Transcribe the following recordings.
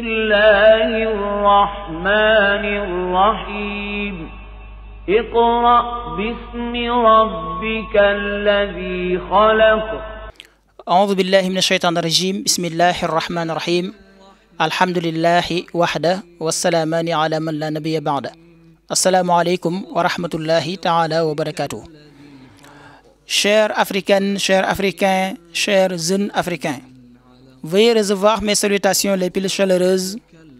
الله الرحمن الرحيم اقرأ باسم ربك الذي خلق أعوذ بالله من الشيطان الرجيم بسم الله الرحمن الرحيم الحمد لله وحده والسلامان على من لا نبي بعده السلام عليكم ورحمة الله تعالى وبركاته شير أفريكان شير أفريكان شير زن أفريكان Veuillez recevoir mes salutations les plus chaleureuses,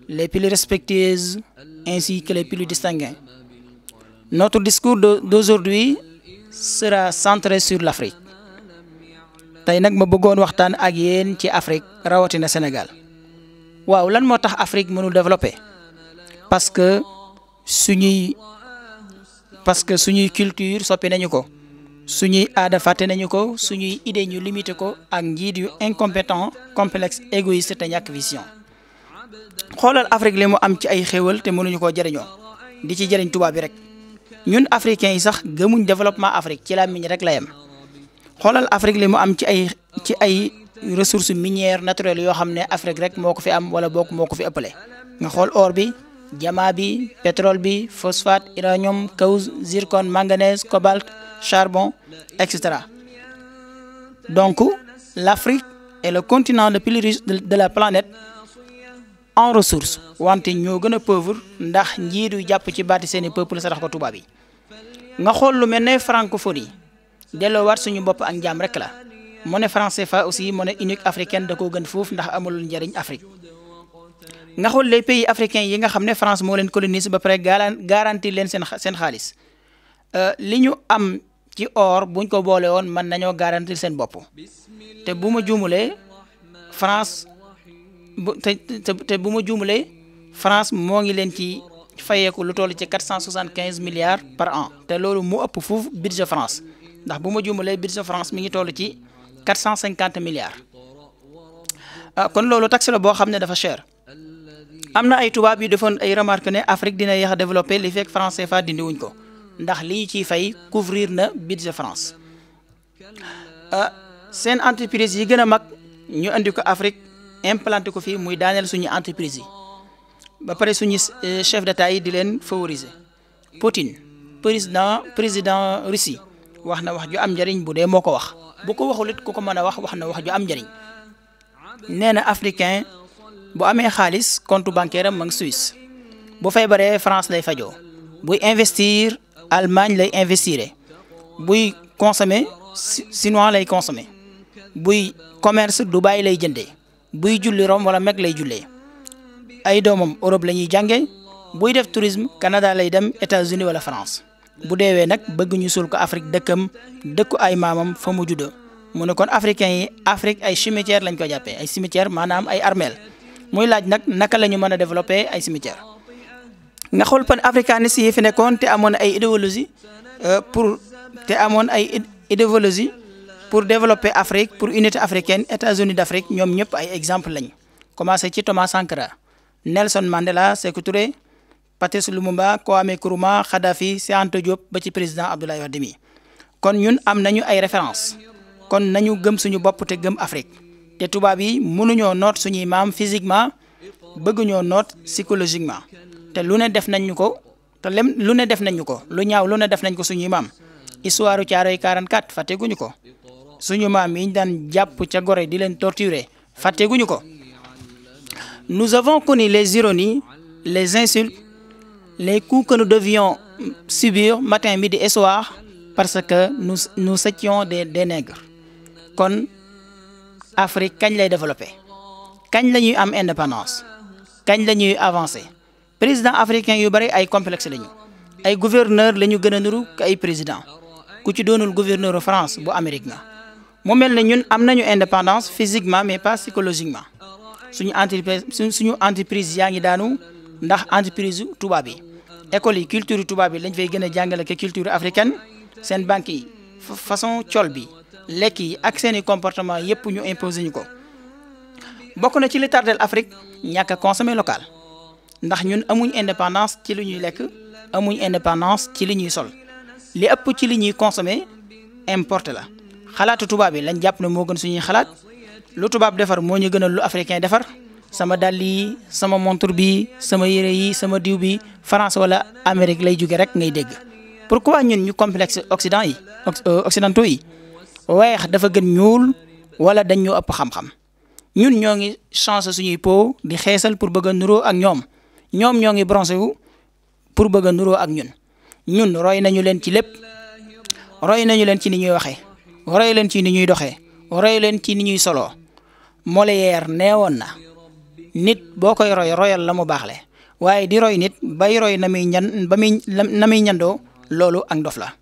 les plus respectueuses, ainsi que les plus distinguées. Notre discours d'aujourd'hui sera centré sur l'Afrique. Je nag ma de l'Afrique, ak yéen ci Afrique Sénégal waaw lan moo Afrique développer parce que suñuy parce que culture est nañu suñuy aada fàtte nañu ko suñuy idée ñu limité ko ak njiit yu incompétent complexe égoïste te ñàkk vision xoolal Afrique li mu am ci ay xéewal te mënuñu ko jëriñoo di ci jëriñ tubaab bi rek ñun africains yi sax gëmuñ développement Afrique ci làmmiñ rek la yem xoolal Afrique li mu am ci ay ci ay ressource minières naturelles yoo xam ne Afrique rek moo ko fi am wala bokk moo ko fi ëppale nga xool or diamant pétrole bi phosphate iranium, caoutchouc zircon manganèse cobalt charbon etc. Donc, l'Afrique est le continent le plus riche de la planète en ressources Nous sommes gën a pauvre ndax njiit yu jàpp ci baati seeni peuple sarax ko tubaab yi nga xool lu mel ne francophonie delloowaat suñu bopp ak njaam rek la monnaie franc CFA aussi monnaie unique africaine da nous gën foofu ndax amulul de Afrique. nga xool les pays yi nga xam ne France moo leen colonise ba pare garanti leen seen seen xaalis euh, li ñu am ci or buñ ko boole woon mën nañoo garantir seen bopp te bu ma juumulee France bu bu ma juumulee France moo ngi leen ci fayeeku lu toll ci quatre cent soixante quinze milliards par an te loolu mu ëpp foofu budget France ndax bu ma juumulee budget France mi ngi toll ci quatre cent cinquante milliards euh, kon loolu taxe la boo xam ne dafa cher. am na ay tubaab yu defoon ay remarque ne Afrique dina yéex a développé li fekk franc CFA dindi wuñ ko ndax lii ci fay couvrir na budget France ah, seen entreprise yi gën a mag ñu andi ko Afrique implanté ko fii muy daaneel suñu entreprise yi ba pare suñu eh, chef de d'état yi di leen favoriser Poutine président président Russie wax na wax ju am njëriñ bu dee moo ko wax bu ko waxul it ku ko mën a wax wax na wax ju am njëriñ nee africain bu amee xaalis compte bancaire am ma ngi bu feebaree France lay fajoo buy investir Allemagne lay investir buy consommer chinois lay consommer buy commerce Dubaï lay jëndee buy julli Rome wala Mecque lay jullee ay doomam Europe la ñuy jàngee buy def tourisme Canada lay dem États-Unis wala France bu deewee nag bëgg ñu suul ko Afrique dëkkam dëkku ay maamam fa mu juddoo mu ne kon africain yi Afrique ay cimetière lañ ko jàppee ay cimetière maanaam ay armeel moy laaj nak naka la mëna développer ay cimetière nga pan panafricanistes yi fi nekkoon té amone ay idéologie euh, pour te amone ay idéologie pour développer Afrique pour unité africaine États-Unis d'Afrique ñom ñëpp ay exemple lañ commencé ci Thomas Sankara Nelson Mandela Sékou Touré Patrice Lumumba Kwame Nkrumah Khadafi, c'est Anta Diop ba ci président Abdoulaye Wade mi kon ñun am nañu ay référence kon nañu gëm suñu bop té gëm Afrique te tubaab yi mënuñoo note suñu imam physiquement bëgguñoo note psychologiquement té lu ne def nañ ñu ko te lem lu ne def nañ ñu ko lu ñaaw lu ne def nañ ko suñu imam histoire Caaroy 44 guñu ko suñu mam yi ñu japp jàpp ca di len torturer guñu ko nous avons connu les ironies les insultes les coups que nous devions subir matin midi et soir parce que nous nous étions des des nègres kon Afrique kañ lay développé kañ la am indépendance kañ la ñuy avancé président africain yu bëri ay complexe lañu ay gouverneur la plus gën nuru ay président ku ci le gouverneur France bu Amérique Nous avons mel indépendance physiquement mais pas psychologiquement suñu entreprise suñu entreprise yaa daanu ndax entreprise tubaab yi école yi culture tout yi lañ fay gën culture africaine une banque yi façon col Leki, ak seeni comportement yépp ñu imposé ko bokk na ci li Afrique ñàkk consommer local ndax ñun amuñ indépendance ci li ñuy lekk amuñ indépendance ci li ñuy sol li ëpp ci li ñuy consommer importé la xalaatu tubaab yi lañ jàpp ne moo gën suñuy xalaat lu tubaab defar moo ñu gënal lu africain defar sama dàll sama montre bi sama yi sama diw France wala Amérique lay rek ngay dégg pourquoi ñun ñu complexe Occident yi euh, Occidentaux weex dafa gën ñuul wala dañ ñu ëpp xam-xam ñun ñoo ngi changé suñuy po di xeesal pour bëgg a nuroo ak ñoom ñoom ñoo ngi bronzé wu pour bëgg a nuroo ak ñun ñun roy nañu leen ci lépp roy nañu leen ci ni ñuy waxee roy leen ci ni ñuy doxee roy leen ci ni ñuy soloo Molière nee woon na nit boo koy roy royal la mu baax le waaye di roy nit bay roy na muy ñan ba muy na muy ñandoo loolu ak ndof la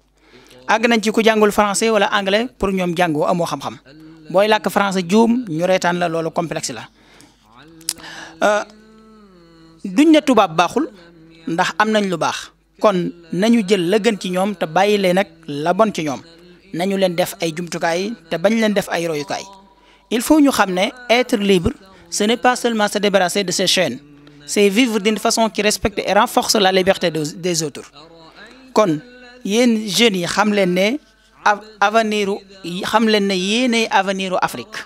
àgg ci ku jangul français wala anglais pour ñom jangoo amo xam-xam boy lak français joom ñu rétane la lolu complexe la euh, duñ ne tubaab baaxul ndax am nañ lu baax kon nañu jël le gën ci ñom te bàyyi leen nag la bonne ci ñom nañu leen def ay jumtukaay te bañ leen def ay royukaay il faut ñu xamné être libre ce n'est pas seulement se débarrasser de ses chaînes c'est vivre d'une façon qui respecte et renforce la liberté des autres kon il jeunes yi xam leen ne avenir xam Afrique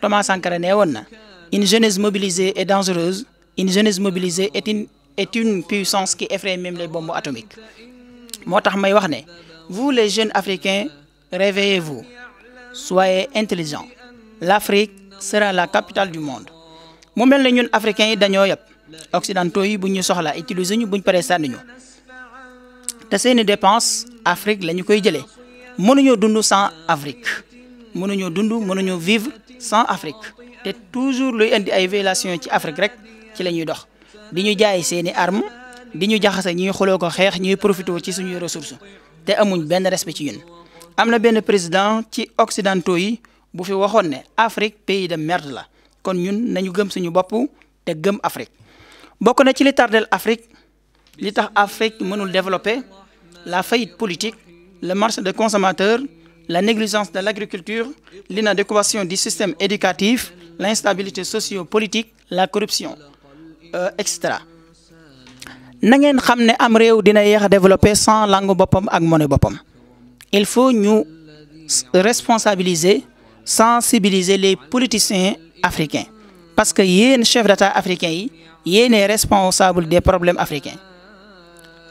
Thomas Sankara une jeunesse mobilisée est dangereuse une jeunesse mobilisée est une puissance qui effraie même les bombes atomiques motax may wax vous les jeunes africains réveillez-vous soyez intelligents l'Afrique sera la capitale du monde mu mel ne ñun africains yi dañoo occidentaux yi buñu soxla utiliser ñu te seeni dépense Afrique la ñu koy jëlee mënuñoo dund sans Afrique mënuñoo dund mënuñoo vivre sans Afrique te toujours luy indi ay violation ci Afrique rek ci la ñuy dox di ñu jaay seeni arme di ñu jaxase ñuy xuloo ko xeex ñuy profité ci suñuy ressources te amuñ benn respect ci ñun. am benn président ci occidentaux yi bu fi waxoon ne Afrique pays de merde la kon ñun nañu gëm suñu bopp te gëm Afrique bokk na ci li tardel Afrique. L'État africain nous mënul développer la faillite politique le marché des consommateurs la négligence de l'agriculture l'inadéquation du système éducatif l'instabilité socio-politique la corruption euh, etc. Nous na ngeen développer sans langue et monnaie il faut nous responsabiliser sensibiliser les politiciens africains parce que les chefs d'État africain yi sont responsable des problèmes africains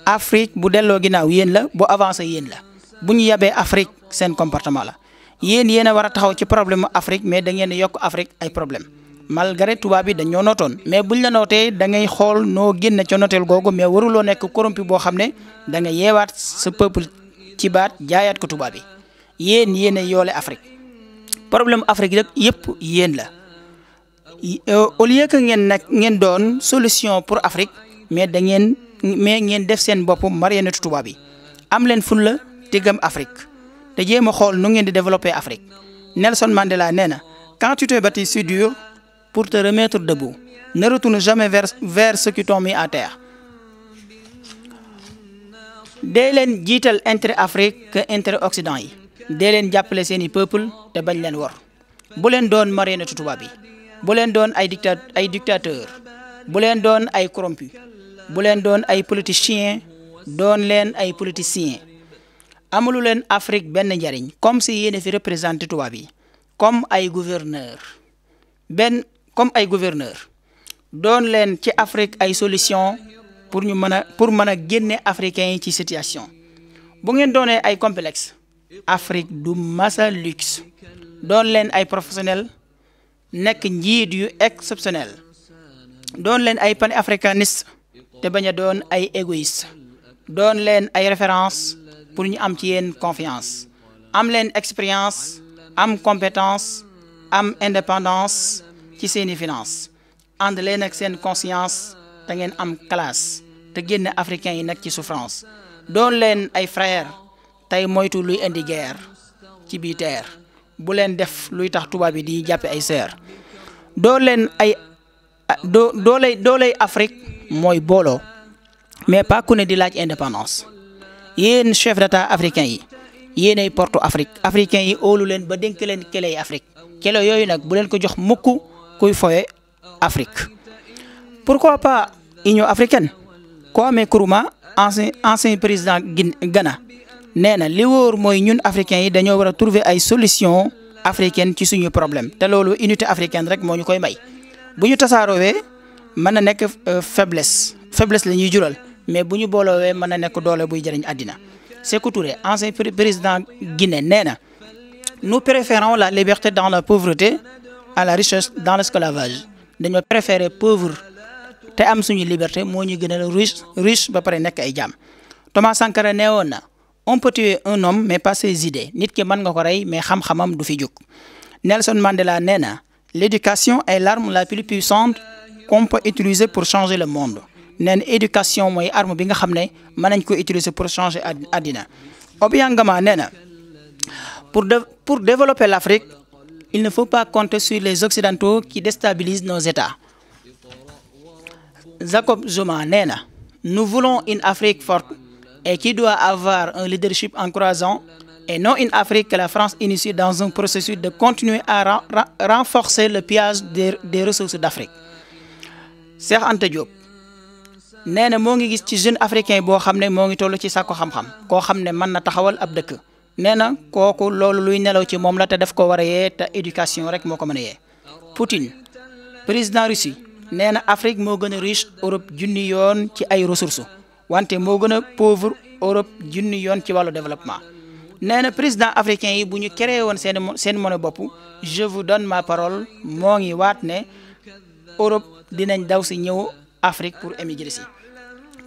Afrique bu delloo ginnaaw yéen la bu avancé yéen la bu ñu yabee Afrique seen comportement la yéen yéen a war a taxaw ci problème mu Afrique mais da ngeen yokk Afrique ay problème malgré tubaab yi dañoo nootoon mais buñ la nootee da xool noo génn ca nooteel googu mais waruloo nekk corrompu boo xam ne da nga yeewaat sa peuple ci baat jaayaat ko tubaab yi yéen yéen a yoole Afrique problème Afrique rek yëpp yéen la euh, au lieu ngeen nag ngeen doon solution pour Afrique mais da ngeen mais ngeen def seen bopp marionnette tutuba bi am leen fun la te Afrique te jéem a xool nu ngeen di développer Afrique Nelson Mandela nee na quand tu te battis si dur pour te remettre debout ne retourne jamais vers vers qui t'ont mis à terre. dee leen jiital Afrique que intérêt Occident yi dee leen jàppale seen i peuple te bañ leen wor bu leen doon marionnette tutuba bi bu leen doon ay dicta ay dictateur bu leen doon ay corrompu bu leen doon ay politiciens don len ay politiciens amulou len Afrique ben njariñ comme si yéen fi représenté tubaab bi comme ay gouverneur ben comme ay gouverneur don len ci Afrique ay solution pour ñu mën pour mën génné africain africains ci situation bu ngeen donné ay complexe Afrique du massa luxe don len ay professionnel nek njiit yu exceptionnel don len ay panafricaniste te baña a doon ay égoïste doon leen ay référence pour ñu am ci yéen confiance am leen expérience am compétence am indépendance ci seeni finance ànd leen ak seen conscience te ngeen am classe te génn africain yi nag ci souffrance doon leen ay frère tey moytu luy indi guerre ci bi terre bu leen def luy tax tubaab bi di jàppe ay sœur doon leen ay ah, dooley dooley Afrique moy bolo mais pas ku ne di laaj indépendance yéen chef d'état africain yi yéen ay porte Afrique africain yi óolu leen ba dénk leen kele Afrique kele yooyu nak bu leen ko jox muku kuy foye Afrique pourquoi pas Union africaine Kwame Nkrumah ancien ancien président Ghana nee na li wor moy ñun africains yi dañoo wara trouver ay solution africaine ci suñu problème té lolu unité africaine rek moo koy may bu ñu tasaaroowee mën na nekk euh, faiblesse faiblesse la ñuy jural mais buñu ñu booloowee mën na nekk doole buy jëriñ adina Sékou Touré ancien président Guinée néna nous préférons la liberté dans la pauvreté à la richesse dans l'esclavage Nous préférer pauvre té am suñu liberté dans ñu gën riche riche ba paré nek ay jam Thomas Sankara nee on peut tuer un homme mais pas ses idées nit ki man nga ko ray mais xam-xamam du fi juk Nelson Mandela néna l'éducation est l'arme la plus puissante qu'on peut utiliser pour changer le monde N'en éducation moy arme bi nga utiliser pour changer Adina. Obiangama pour pour développer l'Afrique il ne faut pas compter sur les occidentaux qui déstabilisent nos États Jacob Zoma nous voulons une Afrique forte et qui doit avoir un leadership en encourageant et non une Afrique que la France initie dans un processus de continuer à renforcer le pillage des ressources d'Afrique Cheikh Anta Diop nee na moo ngi gis ci jeune africain boo xam ne moo ngi toll ci sàkku xam-xam koo xam ne man na taxawal ab dëkk nee na kooku loolu luy nelaw ci moom la te def ko war a yee te éducation rek moo ko mën a yee Poutine président Russie nee na Afrique moo gën a riche Europe junni yoon ci ay ressources wante moo gën a pauvre Europe junni yoon ci wàllu développement nee na président africain yi bu ñu seen seen bopp je vous donne ma parole moo Europe dinañ daw si ñëw Afrique pour émigrer si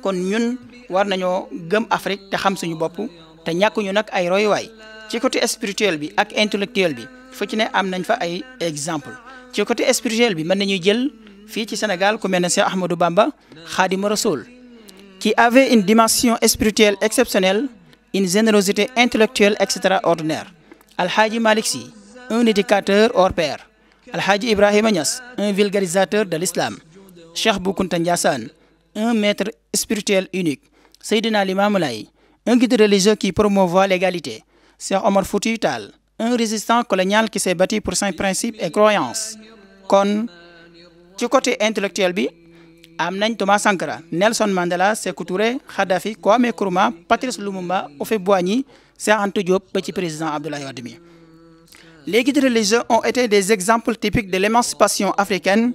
kon ñun war nañu gëm Afrique te xam suñu bopp te ñu nak ay way ci côté spirituel bi ak intellectuel bi fu ci ne am nañ fa ay exemple ci côté spirituel bi man nañu jël fi ci Sénégal ku melni Cheikh Ahmadou Bamba Khadim Rassoul qui avait une dimension spirituelle exceptionnelle une générosité intellectuelle extraordinaire Al Hadji Malick Sy un éducateur hors pair al Al-Haji Ibrahim Niass un vulgarisateur de l'islam Cheikh Bou un maître spirituel unique Sayyidina Limamou un guide religieux qui promouvoit l'égalité Cheikh Omar Fouti un résistant colonial qui s'est battu pour ses principes et croyances kon du côté intellectuel bi Thomas Sankara Nelson Mandela Sekou Touré Khadafi Kwame Nkrumah Patrice Lumumba Ofe boigny Cheikh Anta Diop petit président Abdoulaye Wade les guides religieux ont été des exemples typiques de l'émancipation africaine.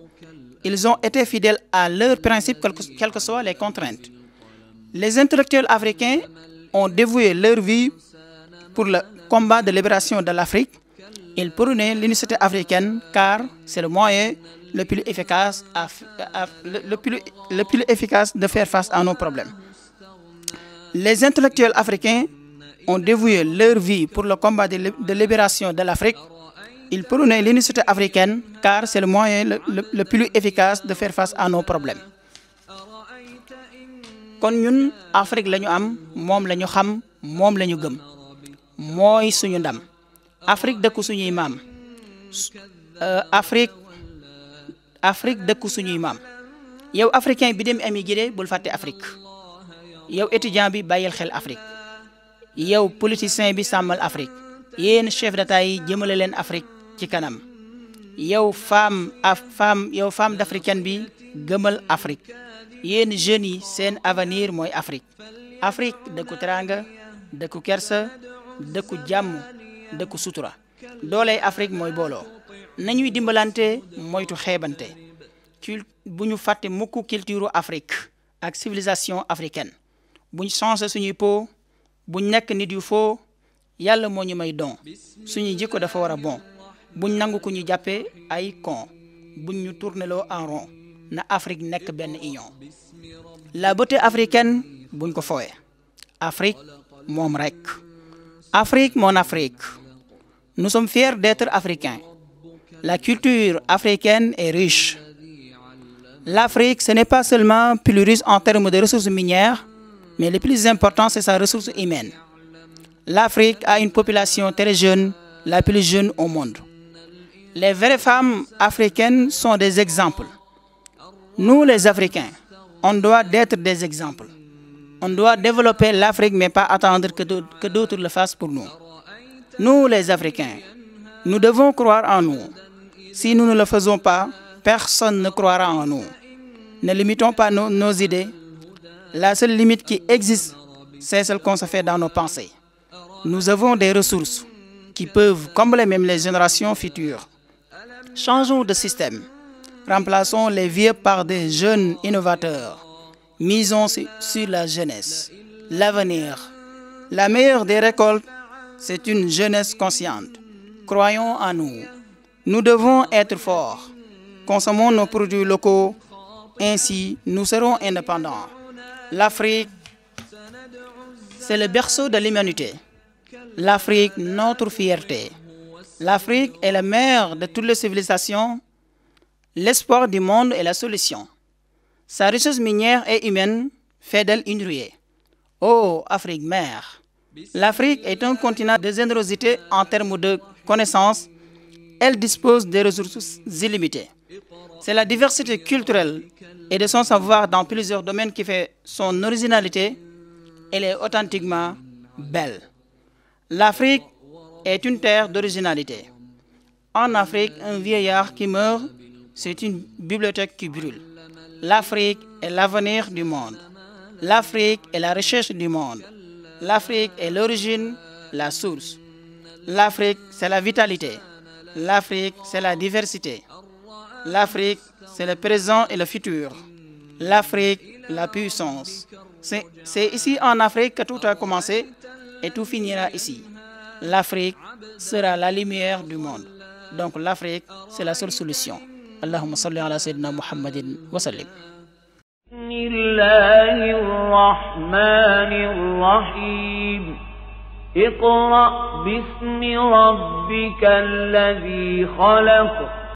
Ils ont été fidèles à leurs principes, quelles que soient les contraintes. Les intellectuels africains ont dévoué leur vie pour le combat de libération de l'Afrique. Ils prônaient l'unicité africaine car c'est le moyen le plus, efficace plus, le plus efficace de faire face à nos problèmes. Les intellectuels africains ont dévoué leur vie pour le combat de, libération de l'Afrique, ils prônaient l'unicité africaine car c'est le moyen le, plus efficace de faire face à nos problèmes. kon ñun Afrique lañu am mom lañu xam mom lañu gëm suñu ndam Afrique dëkku suñuy Euh, Afrique Afrique de suñuy maam yow africain bi dem ami Guinée bul faté Afrique yow étudiant bi bayel xel Afrique politiciens, politicien bi sàmmal Afrique des chef d'État yi jëmale leen Afrique ci kanam yow femme af femme yow femme d'africaine bi gëmal Afrique yéen jeunes yi avenir Afrique Afrique dëkku teranga dëkku kersa dëkku jàmm dëkku sutura dooley Afrique mooy booloo nañuy dimbalante moytu culture Afrique ak civilisation africaine changé buñ nekk nit yu foo yàlla moo ñu may don suñu jikko dafa war a bon buñ nangu ku ñu jàppee ay con buñ ñu tourneloo en rond na Afrique nekk benn union la beauté africaine buñ ko fowee Afrique moom rek Afrique mon Afrique nous sommes fiers d'être africains la culture africaine est riche l'Afrique ce n'est pas seulement plus riche en termes de ressources minières mais le plus important, c'est sa ressource humaine. L'Afrique a une population très jeune, la plus jeune au monde. Les vraies femmes africaines sont des exemples. Nous, les Africains, on doit être des exemples. On doit développer l'Afrique, mais pas attendre que d'autres le fassent pour nous. Nous, les Africains, nous devons croire en nous. Si nous ne le faisons pas, personne ne croira en nous. Ne limitons pas nos, nos idées, la seule limite qui existe, c'est celle qu'on se fait dans nos pensées. Nous avons des ressources qui peuvent combler même les générations futures. Changeons de système. Remplaçons les vieux par des jeunes innovateurs. Misons sur la jeunesse, l'avenir. La meilleure des récoltes, c'est une jeunesse consciente. Croyons en nous. Nous devons être forts. Consommons nos produits locaux. Ainsi, nous serons indépendants. L'Afrique, c'est le berceau de l'humanité. L'Afrique, notre fierté. L'Afrique est la mère de toutes les civilisations. L'espoir du monde est la solution. Sa richesse minière et humaine fait d'elle une ruée. Oh, Afrique mère! L'Afrique est un continent de générosité en termes de connaissances. Elle dispose des ressources illimitées. C'est la diversité culturelle et de son savoir dans plusieurs domaines qui fait son originalité. Elle est authentiquement belle. L'Afrique est une terre d'originalité. En Afrique, un vieillard qui meurt, c'est une bibliothèque qui brûle. L'Afrique est l'avenir du monde. L'Afrique est la recherche du monde. L'Afrique est l'origine, la source. L'Afrique, c'est la vitalité. L'Afrique, c'est la diversité. L'Afrique, c'est le présent et le futur. L'Afrique, la puissance. C'est ici en Afrique que tout a commencé et tout finira ici. L'Afrique sera la lumière du monde. Donc l'Afrique, c'est la seule solution. Allahumma salli ala wa sallim.